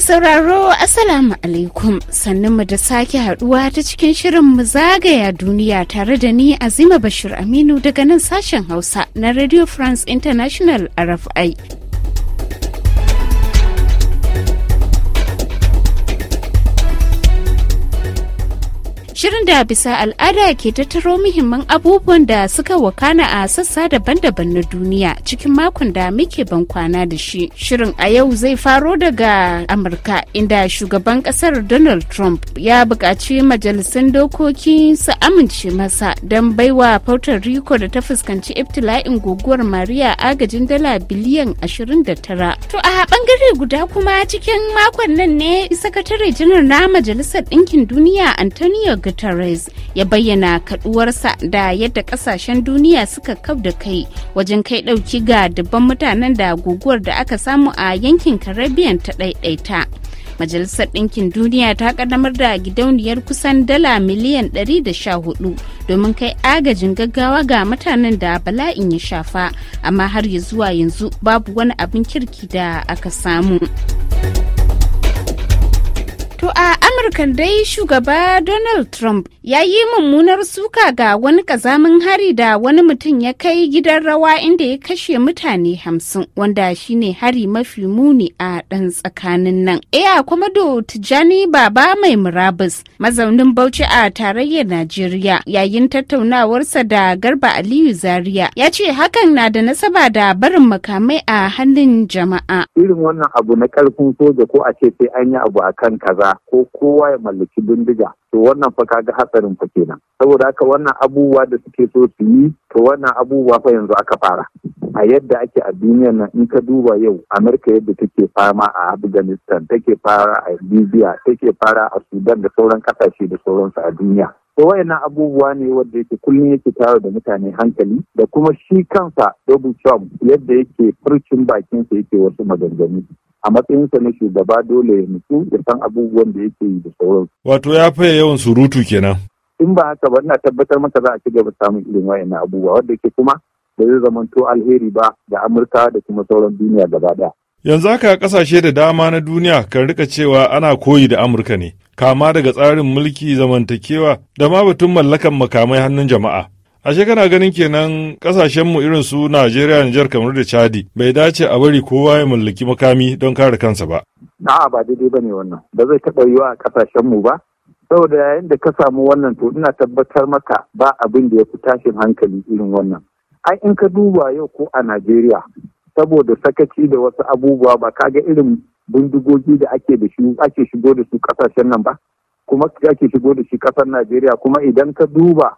sauraro Assalamu alaikum sannan mu da sake haduwa ta cikin shirin mu zagaya duniya tare da ni Azima Bashir Aminu daga nan sashen Hausa na Radio France International RFI. Shirin da bisa al'ada ke tattaro muhimman abubuwan da suka wakana a sassa daban-daban na duniya cikin makon da muke ban kwana da shi. Shirin a yau zai faro daga Amurka inda shugaban kasar Donald Trump ya buƙaci majalisun dokoki su amince masa don baiwa Puerto Rico da ta fuskanci iftila'in guguwar Maria agajin dala biliyan 29. To a bangare guda kuma cikin makon nan ne sakatare janar na majalisar ɗinkin duniya Antonio guterres ya bayyana kaduwarsa da yadda kasashen duniya suka kaf da kai wajen kai dauki ga dubban mutanen da guguwar da aka samu a yankin caribbean ta ɗaiɗaita majalisar ɗinkin duniya ta kaddamar da gidauniyar kusan dala miliyan 114 domin kai agajin gaggawa ga mutanen da bala'in ya shafa amma har ya zuwa yanzu babu wani abin kirki da aka samu. amurkan dai shugaba donald trump ya yi mummunar suka ga wani kazamin hari da wani mutum ya kai gidan rawa inda ya kashe mutane hamsin wanda shine hari mafi muni a ɗan tsakanin nan iya kwamado tijjani baba mai murabus mazaunin bauchi a tarayyar najeriya yayin tattaunawarsa da garba aliyu zaria ya ce hakan na da nasaba da barin makamai a hannun jama'a irin wannan abu na karfin soja ko a ce sai an yi abu akan kaza ko kowa kowa ya mallaki bindiga to wannan fa kaga hatsarin fa kenan saboda haka wannan abubuwa da suke so su yi to wannan abubuwa fa yanzu aka fara a yadda ake a duniyar nan in ka duba yau amurka yadda take fama a afghanistan take fara a libya take fara a sudan da sauran kasashe da sauransu a duniya to wayannan abubuwa ne wanda yake kullum yake tayar da mutane hankali da kuma shi kansa Donald Trump yadda yake furcin bakinsa yake wasu maganganu a matsayinsa na shugaba dole ya nutsu ya san abubuwan da yake yi da sauransu. Wato ya faye yawan surutu kenan. In ba haka ba ina tabbatar maka za a ci gaba samun irin wayannan abubuwa wanda yake kuma ba zai zamanto alheri ba ga Amurka da kuma sauran duniya gaba ɗaya. Yanzu haka kasashe da dama na duniya kan rika cewa ana koyi da Amurka ne. kama daga tsarin mulki zamantakewa da ma batun mallakan makamai hannun jama'a. Ashe kana ganin kenan kasashenmu irin su Najeriya, Nijar, kamar da Chadi bai dace a bari kowa ya mallaki makami don kare kansa ba. A'a ba daidai ba ne wannan, ba zai taɓa yiwa a kasashenmu ba. Saboda yayin da ka samu wannan to ina tabbatar maka ba abin da ya fi tashin hankali irin wannan. Ai in ka duba yau ko a Najeriya saboda sakaci da wasu abubuwa ba ka ga irin bindigogi da ake da shi ake shigo da su kasashen nan ba kuma ake shigo da shi kasar Najeriya kuma idan ka duba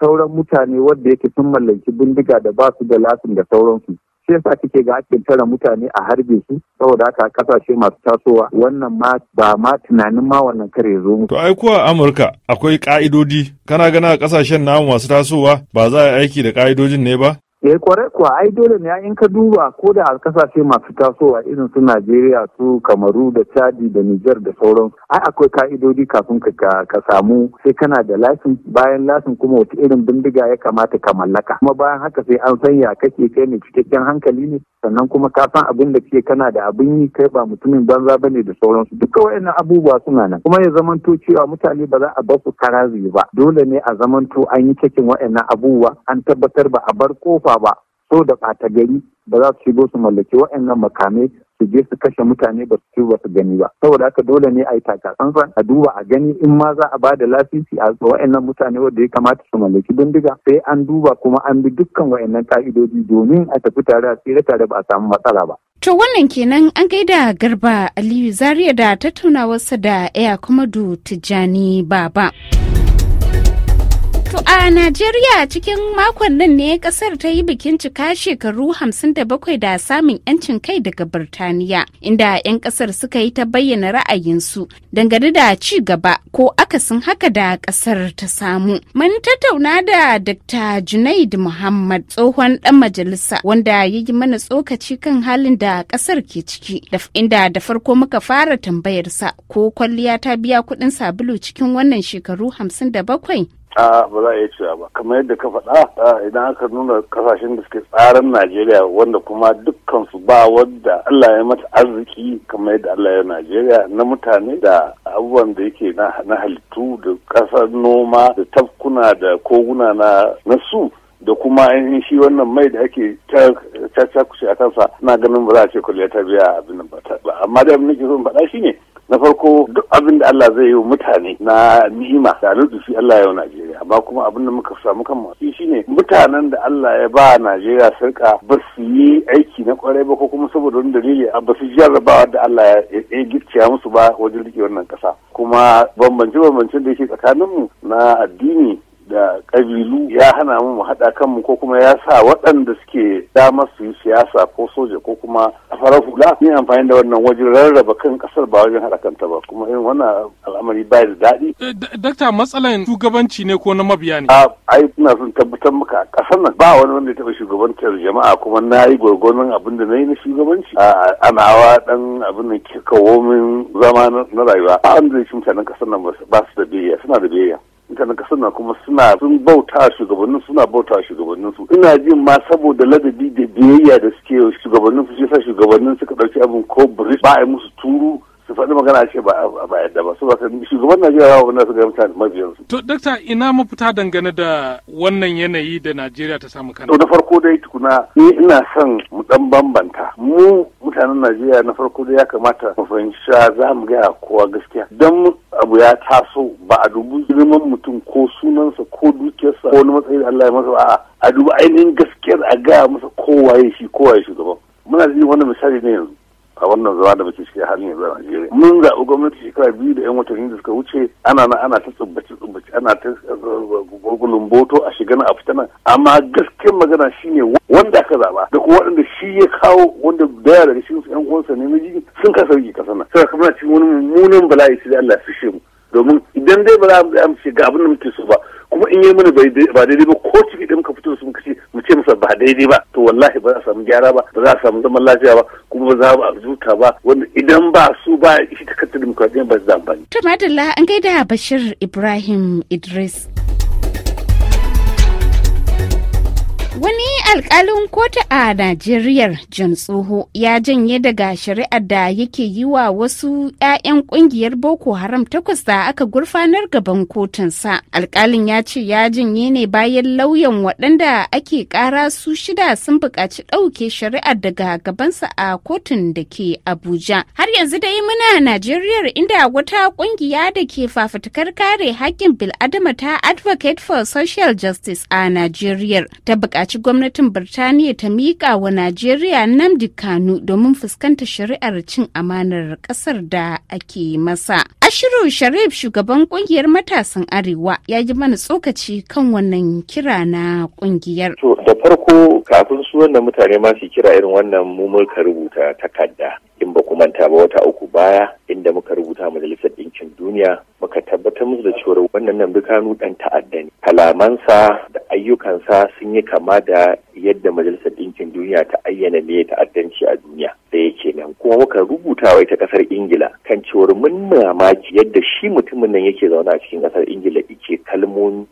sauran mutane wanda yake sun mallaki bindiga da ba su da lasin da sauransu shi yasa kike ga ake tara mutane a harbe su saboda haka kasashe masu tasowa wannan ma ba ma tunanin ma wannan kare zo to ai kuwa Amurka akwai ka'idodi kana gana kasashen namu masu tasowa ba za a yi aiki da ka'idojin ne ba eh kware kuwa ai dole ne in ka duba ko da alƙasashe masu tasowa irin su Najeriya su Kamaru da Chadi da Niger da sauran ai akwai ka'idodi kafin ka samu sai kana da lasin bayan lasin kuma wata irin bindiga ya kamata ka mallaka kuma bayan haka sai an sanya ya kake kai ne cikakken hankali ne sannan kuma ka san abin da ke kana da abin yi kai ba mutumin banza ba ne da sauransu duka wayannan abubuwa suna nan kuma ya zamanto cewa mutane ba za a bar su karazi ba dole ne a zamanto an yi cikin wayannan abubuwa an tabbatar ba a bar kofa ba so da ɓata gari ba za su shigo su mallaki waɗannan makamai su je su kashe mutane ba su ba su gani ba saboda haka dole ne a yi takatsantsan a duba a gani in ma za a ba da lasisi a wa'annan mutane wanda ya kamata su mallaki bindiga sai an duba kuma an bi dukkan wa'annan ka'idodi domin a tafi tare a tsira tare ba a samu matsala ba. To wannan kenan an gaida Garba Aliyu Zaria da tattaunawarsa da Air kuma Tijjani Baba. A Najeriya cikin makon nan ne kasar ta yi bikin cika shekaru 57 da samun 'yancin kai daga Birtaniya, inda 'yan kasar suka yi ta bayyana ra'ayinsu dangane da ci gaba ko akasin haka da kasar ta samu. Mun tattauna da Dr. Junaid Muhammad tsohon ɗan majalisa wanda ya yi mana tsokaci kan halin da kasar ke ciki, inda da farko muka fara tambayarsa ko kwalliya ta biya kuɗin sabulu cikin wannan shekaru 57 a ba za a iya cewa ba kamar yadda ka faɗa idan aka nuna kasashen da suke tsarin najeriya wanda kuma dukkan su ba wadda allah ya mata arziki kamar yadda allah ya najeriya na mutane da abubuwan da yake na halittu da ƙasar noma da tafkuna da koguna na su da kuma ainihin shi wannan mai da ake caca kushe a kansa na ganin ba za a ce kwalliya ta biya abin ba amma da abin da ke son faɗa shi ne. na farko duk abin da Allah zai yi wa mutane na ni'ima da alutufi Allah yau Najeriya amma kuma abin da muka samu kan shi shine mutanen da Allah ya ba Najeriya sarka ba su yi aiki na kwarai ba ko kuma saboda wani dalili ba su jarrabawa da Allah ya gicciya musu ba wajen rike wannan kasa kuma bambance bambance da yake tsakaninmu na addini da kabilu ya hana mu mu haɗa kanmu ko kuma ya sa waɗanda suke dama su yi siyasa ko soja ko kuma farar hula Ni amfani da wannan wajen rarraba kan ƙasar ba wajen haɗa kanta ba kuma irin wannan al'amari ba da daɗi. Eh, dakta matsalan shugabanci ne ko na mabiya ne? Ah, ai ina son tabbatar maka a ƙasar nan ba wani wanda ya taɓa shugabantar jama'a kuma na yi gwargwanon abin da na yi na shugabanci. hawa ah, ɗan abin da kawo min zama na rayuwa. Ba wanda ya ci mutanen ƙasar nan ba su da biyayya suna da biyayya. mutanen kasa na kuma suna sun bauta shugabannin suna bauta shugabannin su ina jin ma saboda ladabi da biyayya da suke shugabannin su shi sa shugabannin suka ɗauki abin ko ba a yi musu turu faɗi magana ce ba a yadda ba saboda shugaban Najeriya ba wannan su mutane mabiyan to dakta ina mafita dangane da wannan yanayi da Najeriya ta samu kanta to da farko dai tukuna ni ina son mu dan bambanta mu mutanen Najeriya na farko dai ya kamata mu fahimci za mu gaya kowa gaskiya dan abu ya taso ba a dubu girman mutum ko sunansa ko dukiyarsa ko wani matsayi da Allah ya masa ba a dubu ainihin gaskiyar a gaya masa kowa ya shi kowaye shugaban muna da wani misali ne yanzu a wannan zama da muke ciki har yanzu a Najeriya. Mun zaɓi gwamnati shekara biyu da 'yan watanni da suka wuce ana na ana ta tsubbace tsubbace ana ta eh, gurgulun boto a shiga na a fita nan amma gaskiyar magana shine wanda aka zaɓa da kuma waɗanda shi ya kawo wanda daya daga cikin su 'yan uwansa ne miji sun kasa yi kasa nan. Sai kuma cikin wani mummunan bala'i sai Allah ya fishe mu. Domin idan dai ba za mu shiga abin da muke so ba kuma in yi mana ba daidai ba ko ciki da muka fito sun muka mu ce masa ba daidai ba to wallahi ba za a samu gyara ba ba za a samu zaman lafiya ba kuma ba za a zuta ba wanda idan ba su ba shi ta kanta dimokuraɗiyya ba su da amfani. to madalla an gaida bashir ibrahim idris. Wani alkalin kotu a Najeriya John Tsoho ya janye daga shari'ar da yake yi wa wasu 'ya'yan kungiyar Boko Haram takwas da aka gurfanar gaban kotunsa. Alkalin ya ce ya janye ne bayan lauyan waɗanda ake ƙara su shida sun buƙaci ɗauke shari'ar daga gabansa a kotun da ke Abuja. Har yanzu dai muna Najeriya inda wata kungiya da ke fafutukar kare haƙƙin bil'adama ta Advocate for Social Justice a Najeriya ta buƙaci buƙaci gwamnatin Birtaniya ta miƙa wa Najeriya Namdi Kanu domin fuskanta shari'ar cin amanar ƙasar da ake masa. Ashiru Sharif shugaban ƙungiyar matasan Arewa ya yi mana tsokaci kan wannan kira na ƙungiyar. farko kafin su wannan mutane ma su kira irin wannan mu muka rubuta takarda in ba manta ba wata uku baya inda muka rubuta majalisar ɗinkin duniya muka tabbatar musu da cewar wannan nan bikanu ɗan ta'adda ne kalamansa da ayyukansa sun yi kama da yadda majalisar ɗinkin duniya ta ayyana ne ta'addanci a duniya da yake nan kuma muka rubuta wai ta ƙasar ingila kan cewar mun mamaki yadda shi mutumin nan yake zaune a cikin ƙasar ingila yake kalmomi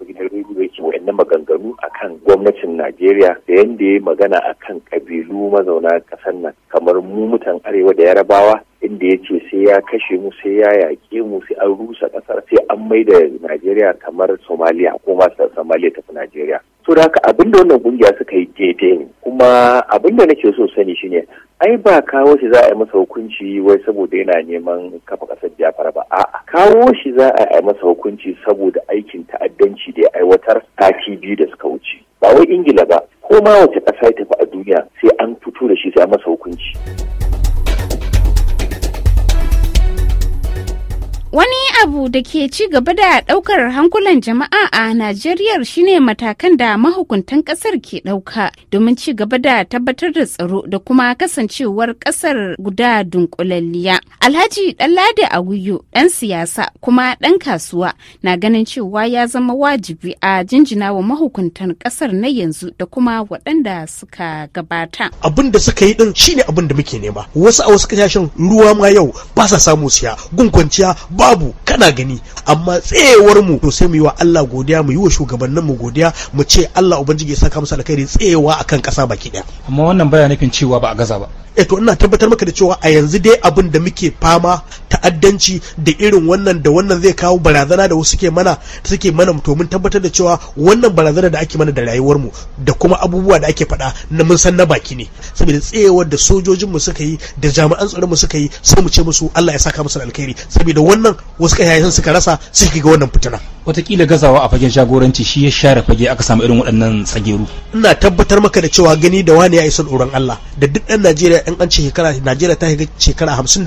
yake wa'annan maganganu kan gwamnatin najeriya da yadda ya magana akan ƙabilu mazauna ƙasar nan kamar mu mutan arewa da yarabawa inda ya ce sai ya kashe mu sai ya yaƙe mu sai an rusa ƙasar sai an mai da najeriya kamar somaliya ko ma somaliya tafi najeriya To da haka abin da wannan kungiya suka yi daidai ne kuma abin da nake so sani shine ai ba kawo shi za a yi masa hukunci wai saboda yana neman kafa ƙasar jafara ba a'a kawo shi za a yi masa hukunci saboda aikin ta'addanci da ya aiwatar sati biyu da suka wuce ba wai ingila ba ko ma wace ƙasa ya tafi a duniya sai an fito da shi sai a masa hukunci Wani abu da ke ci gaba da ɗaukar hankulan jama'a a Najeriya shine matakan da mahukuntan ƙasar ke ɗauka domin ci gaba da tabbatar da tsaro da kuma kasancewar ƙasar guda dunkulalliya. Alhaji Ɗanladi Awuyo ɗan siyasa kuma ɗan kasuwa na ganin cewa ya zama wajibi a jinjina wa mahukuntan ƙasar na yanzu da kuma waɗanda suka gabata. Abin da suka yi ɗin shine abin da muke nema. Wasu a wasu kasashen ruwa ma yau ba sa samu siya gunkwanciya kwanciya ba babu kana gani amma tsayewar mu to sai mu yi wa Allah godiya mu yi wa shugabannin mu godiya mu ce Allah ubangiji ya saka musu alkhairi tsayewa akan kasa baki daya amma wannan baya nufin cewa ba a gaza ba eh to ina tabbatar maka da cewa a yanzu dai abin da muke fama ta'addanci da irin wannan da wannan zai kawo barazana da wasu suke mana suke mana tabbatar da cewa wannan barazana da ake mana da rayuwar mu da kuma abubuwa da ake faɗa na mun san na baki ne saboda tsayewar da sojojin mu suka yi da jami'an tsaron mu suka yi sai mu ce musu Allah ya saka musu alkhairi saboda wannan wasu kayayen suka rasa suke ga wannan fitina watakila gazawa a fagen shagoranci shi ya share fage aka samu irin waɗannan tsageru ina tabbatar maka da cewa gani da wani ya isa tsoron Allah da duk ɗan Najeriya ɗan an ce shekara Najeriya ta shekara 57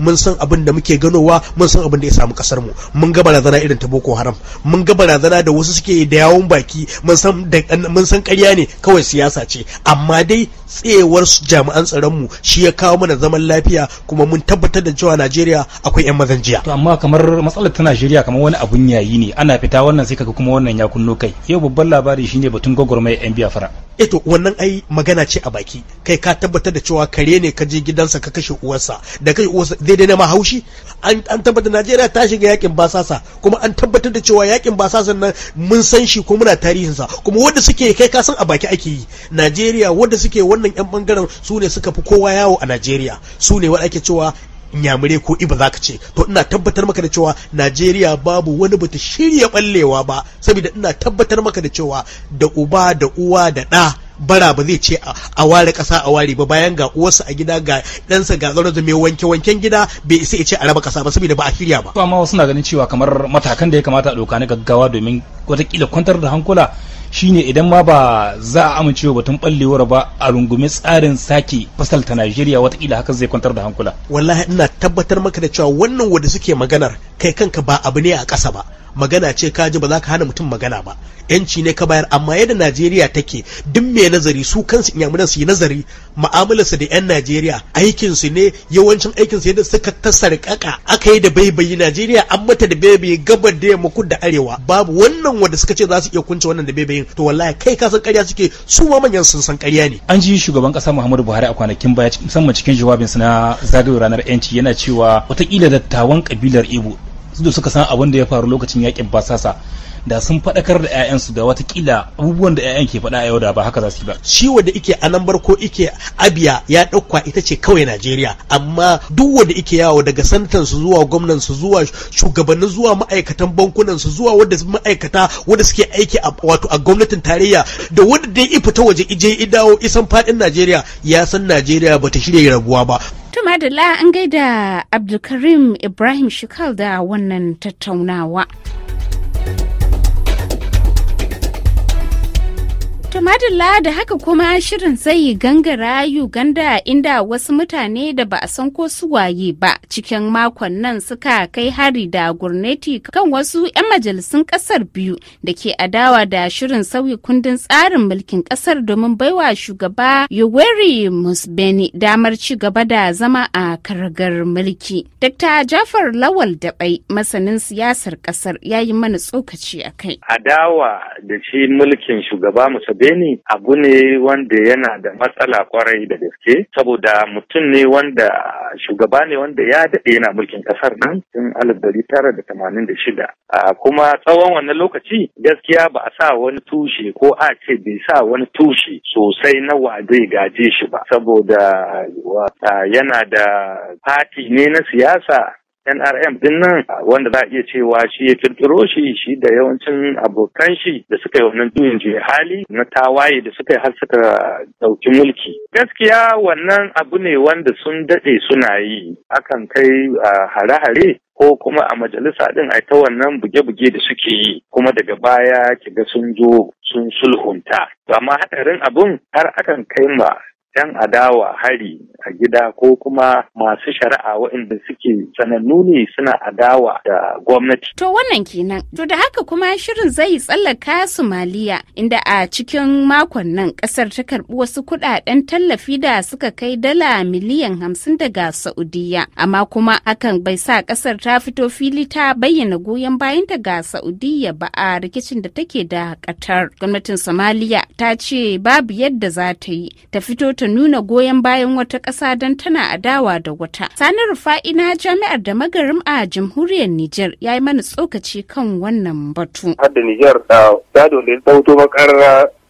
mun san abin abin da muke ganowa mun san abin da ya samu kasar mu mun ga barazana irin ta boko haram mun ga barazana da wasu suke da yawon baki mun san mun san ƙarya ne kawai siyasa ce amma dai tsayewar jami'an tsaron mu shi ya kawo mana zaman lafiya kuma mun tabbatar da cewa Najeriya akwai yan mazan jiya to amma kamar matsalar ta Najeriya kamar wani abun yayi ne ana fita wannan sai kaga kuma wannan ya kunno kai yau babban labari shine batun gwagwarmaya yan fara. eto eh wannan ai magana ce a baki kai ka tabbatar da cewa kare ne ka je gidansa ka kashe uwarsa da kai uwarsa daidai na mahaushi an an tabbatar Najeriya ta shiga yakin basasa kuma an tabbatar da cewa yakin basasa nan mun san shi kuma muna tarihin sa kuma wanda suke kai ka san a baki ake yi Najeriya wanda suke wannan yan bangaren su ne suka fi kowa yawo a Najeriya su ne wanda ake cewa inyamurai ko iba za ka ce to ina tabbatar maka da cewa najeriya babu wani bata shirya ballewa ba saboda ina tabbatar maka da cewa da uba da uwa da ɗa bara ba zai ce a ware ƙasa a ware ba bayan ga uwarsa a gida ga ɗansa ga zaune mai wanke wanken gida bai isa ya ce a raba ƙasa ba saboda ba a shirya ba. amma wasu na ganin cewa kamar matakan da ya kamata a ɗauka na gaggawa domin watakila kwantar da hankula shine idan ma ba za a amince batun ballewar ba a rungume tsarin sake fasalta Najeriya watakila haka zai kwantar da hankula wallahi ina tabbatar maka da cewa wannan wanda suke maganar kai kanka ba abu ne a ƙasa ba magana ce ka ji ba za ka hana mutum magana ba yanci ne ka bayar amma yadda Najeriya take duk mai nazari su kansu in inyamuran su yi nazari mu'amalarsu da yan Najeriya aikin su ne yawancin aikin su yadda suka ta sarƙaƙa aka yi da baibayi Najeriya an mata da baibayi gabar da yamma da arewa babu wannan wanda suka ce za su iya kunce wannan da baibayin to wallahi kai ka san ƙarya suke su ma manyan sun san ƙarya ne an ji shugaban ƙasa Muhammadu Buhari a kwanakin baya musamman cikin jawabinsa na zagayowar ranar yanci yana cewa watakila dattawan kabilar ibo da suka san abin da ya faru lokacin yakin basasa da sun faɗakar da 'ya'yansu da watakila abubuwan da 'ya'yan ke faɗa a yau da ba haka za su yi ba. Ciwo da ike a nan barko ike abiya ya ɗauka ita ce kawai Najeriya amma duk wanda ike yawo daga santan su zuwa gwamnan su zuwa shugabannin zuwa ma'aikatan bankunan su zuwa wanda ma'aikata wanda suke aiki a wato a gwamnatin tarayya da wanda dai fita waje ije i dawo isan faɗin Najeriya ya san Najeriya bata shirya rabuwa ba. madalla an gaida Abdulkarim Ibrahim Shikal da wannan tattaunawa. madalla da haka kuma shirin zai gangara Uganda inda wasu mutane da ba a san ko su waye ba cikin makon nan suka kai hari da gurneti kan wasu 'yan majalisun kasar biyu da ke adawa da shirin sauyi kundin tsarin mulkin kasar domin baiwa shugaba Yoweri Musbeni damar ci gaba da zama a karagar mulki. Dr. Jafar Lawal Dabai masanin siyasar kasar ya yi mana tsokaci a kai. Adawa da shi mulkin shugaba Musbeni Beni abu ne wanda yana da matsala kwarai da gaske saboda mutum ne wanda shugaba ne wanda ya daɗe yana mulkin ƙasar nan tun alif dari tara da tamanin da shida. Kuma tsawon wannan lokaci gaskiya ba a sa wani tushe ko a ce bai sa wani tushe sosai na wa zai gaje shi ba saboda yana da fati ne na siyasa NRM din nan wanda za a iya cewa shi ya kirkiro shi shi da yawancin abokan shi da suka yi wannan juyin juya hali na tawaye da suka yi har suka dauki mulki. Gaskiya wannan abu ne wanda sun dade suna yi akan kai hare-hare ko kuma a majalisa din a ta wannan buge-buge da suke yi kuma daga baya kiga sun zo sun sulhunta. Amma haɗarin abun har akan kai ma 'yan adawa hari a gida ko kuma masu shari'a waɗanda suke sanannu ne suna adawa da gwamnati. To wannan kenan, to da haka kuma shirin zai tsallaka Somaliya inda a cikin makon nan ƙasar ta karɓi wasu kuɗaɗen tallafi da suka kai dala miliyan hamsin daga Saudiya. Amma kuma hakan bai sa ƙasar ta fito fili ta bayyana goyon bayanta ga Saudiya ba a rikicin da take da Qatar. Gwamnatin Somaliya ta ce babu yadda za ta yi ta fito ta ta nuna goyon bayan wata ƙasa don tana adawa da wata. Sani Rufa'i na jami'ar da magarim a jamhuriyar Nijar ya yi mana tsokaci kan wannan batu. Hadda Nijar da ta dole ta hoto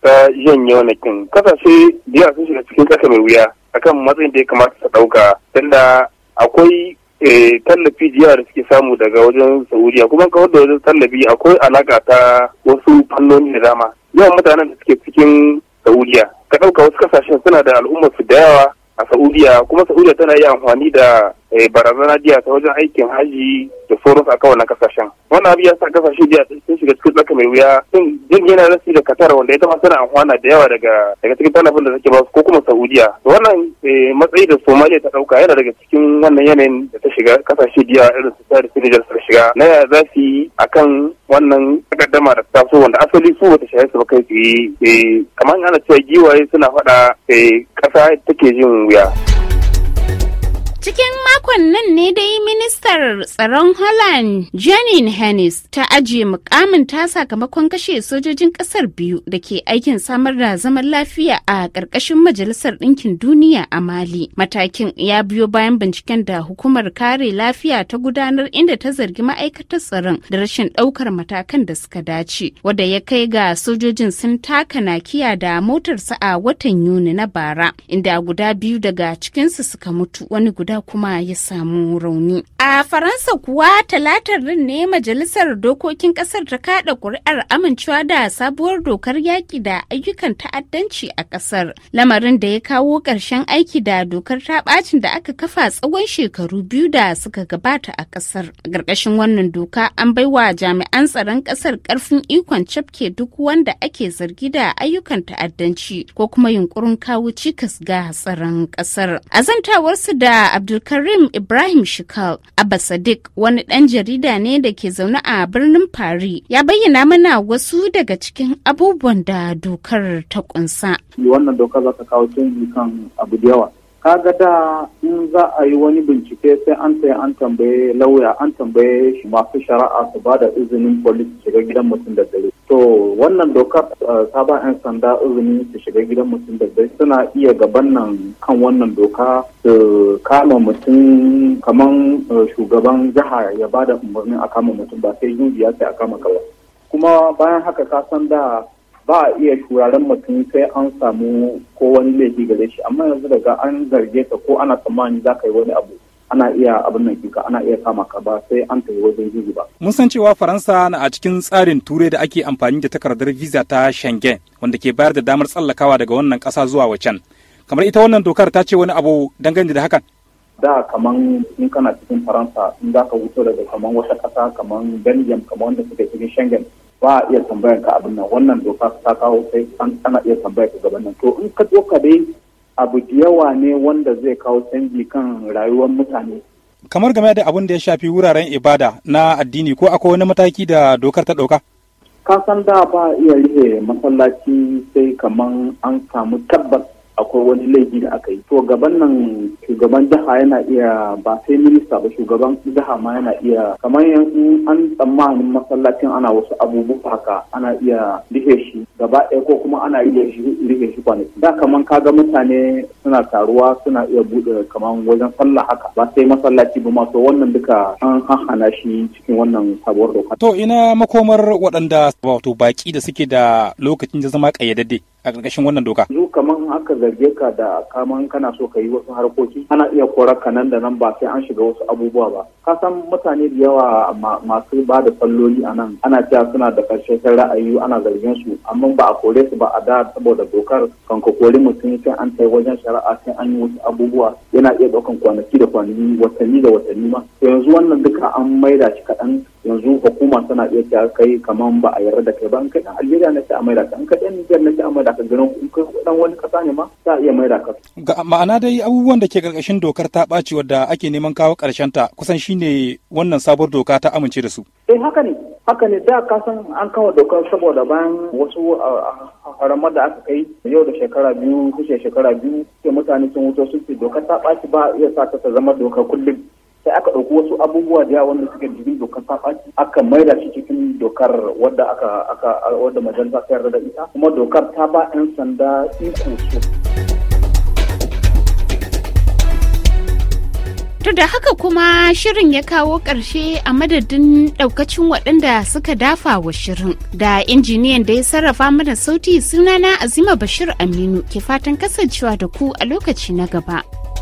ta janye wani kin. Kasashe biya sun shiga cikin ƙasa mai wuya akan matsayin da ya kamata ta ɗauka. Tunda akwai e, tallafi jiya da suke samu daga wajen saudiya kuma kawar da wajen tallafi akwai alaƙa ta wasu fannoni da dama yawan mutanen da suke cikin saudiya ka ɗauka wasu kasashen suna da al'ummar su da yawa a saudiya kuma saudiya tana yi amfani da Eh, barazana jiya ta wajen aikin haji da sauransu a kawai na kasashen wannan abu ya sa kasashe jiya sun shiga cikin tsaka mai wuya sun jin yana nasi da katar wanda ita ma tana amfana da yawa daga daga cikin tallafin da take ba su ko kuma saudiya wannan eh, matsayi da somaliya ta dauka yana daga cikin wannan yanayin da ta shiga kasashe jiya irin su da su nijar su shiga na ya za su yi kan wannan takaddama da ta so wanda asali su ta shaye su ba kai yi eh, kamar ana cewa giwaye suna faɗa kasa take jin wuya. Cikin makon nan ne dai ministar tsaron Holland Janine Hennis ta ajiye mukamin ta sakamakon kashe sojojin kasar biyu da ke aikin samar da zaman lafiya a ƙarƙashin Majalisar Ɗinkin Duniya a Mali. Matakin ya biyo bayan binciken da hukumar kare lafiya ta gudanar inda ta zargi ma'aikatar tsaron da rashin ɗaukar matakan da suka dace, wadda ya kai ga sojojin sun taka nakiya da motarsa a watan Yuni na bara, inda guda biyu daga cikinsu suka mutu wani guda gida kuma ya samu rauni. A Faransa kuwa talatar din ne majalisar dokokin kasar ta kada kuri'ar amincewa da sabuwar dokar yaƙi da ayyukan ta'addanci a kasar. Lamarin da ya kawo ƙarshen aiki da dokar ta bacin da aka kafa tsawon shekaru biyu da suka gabata a kasar. ƙarƙashin wannan doka an baiwa jami'an tsaron kasar ƙarfin ikon cafke duk wanda ake zargi da ayyukan ta'addanci ko kuma yunkurin kawo cikas ga tsaron kasar. Azantawarsu da Abdulkarim Ibrahim Shikal, Abba Sadiq wani ɗan jarida ne da ke zaune a birnin Paris ya bayyana mana wasu daga cikin abubuwan da dokar ta kunsa. Wannan dokar za ta kawo canji kan abu da yawa. kaga da in za a yi wani bincike sai an sai an tambaye lauya an tambaye shi masu shari'a su ba da izinin polis shiga gidan mutum da dare to wannan dokar ta ba 'yan sanda izinin su shiga gidan mutum da dare suna iya gaban nan kan wannan doka su kama mutum kaman uh, shugaban jiha ya ba da umarnin a kama mutum ba sai yin biya sai a kama kawai kuma bayan haka ka san da ba a iya turaren mutum sai an samu ko wani laifi gare shi amma yanzu daga an zarge ka ko ana tsammani za ka yi wani abu ana iya abin nan kinka ana iya kama ka ba sai an tafi wajen jiji ba. Mun san cewa Faransa na a cikin tsarin turai da ake amfani da takardar visa ta Schengen wanda ke bayar da damar tsallakawa daga wannan ƙasa zuwa wacan. Kamar ita wannan dokar ta ce wani abu dangane da hakan. Da kaman in kana cikin Faransa in za ka wuce daga kaman wata kasa kaman Belgium kaman wanda suke cikin Schengen ba a iya tambayar ka abin nan wannan doka ta kawo sai an ana iya tambayar ka gaban nan to in ka zo ka dai abu da yawa ne wanda zai kawo canji kan rayuwar mutane kamar game da abin da ya shafi wuraren ibada na addini ko akwai wani mataki da dokar ta dauka ka san da ba iya rike masallaci sai kaman an samu tabbas akwai wani laifi da aka yi to gaban nan shugaban jiha yana iya ba sai minista ba shugaban jiha ma yana iya kamar yanzu an tsammanin masallacin ana wasu abubuwa haka ana iya rike shi gaba ɗaya ko kuma ana iya rike shi kwanaki da kamar ga mutane suna taruwa suna iya buɗe kamar wajen sallah haka ba sai masallaci ba ma to wannan duka an hana shi cikin wannan sabuwar doka to ina makomar waɗanda wato baki da suke da lokacin da zama ƙayyadadde a ƙarƙashin wannan doka. Yau kaman aka zarge ka da kaman kana so ka yi wasu harkoki ana iya korar ka nan da nan ba sai an shiga wasu abubuwa ba. Ka san mutane da yawa masu ba da falloli a nan ana cewa suna da ƙarshen ra'ayi ana zargin su amma ba a kore su ba a da saboda dokar kan ka kori mutum sai an tai wajen shari'a sai an yi wasu abubuwa yana iya ɗaukan kwanaki da kwanaki watanni da watanni ma. To yanzu wannan duka an maida shi kaɗan yanzu hukuma tana iya ta kai kaman ba a yarda da kai ba an kai dan Algeria na ta maida ka an kai dan na ta maida ka garin in kai dan wani kasa ne ma ta iya maida ka ga ma'ana dai abubuwan da ke karkashin dokar ta ɓaci wadda ake neman kawo karshen ta kusan shine wannan sabuwar doka ta amince da su eh haka ne haka ne da ka san an kawo dokar saboda bayan wasu haramar da aka kai yau da shekara biyu kusa shekara biyu ke mutane sun wuto sun ce dokar ta ɓaci ba iya sa ta zama doka kullum aka ɗauki wasu abubuwa da yawa wanda suke jirgin dokar ta aka maida shi cikin dokar wadda aka aka wadda majalisa ta yarda da ita kuma dokar ta ba 'yan sanda iko su. To da haka kuma shirin ya kawo ƙarshe a madadin ɗaukacin waɗanda suka dafa wa shirin. Da injiniyan da ya sarrafa mana sauti sunana Azima Bashir Aminu ke fatan kasancewa da ku a lokaci na gaba.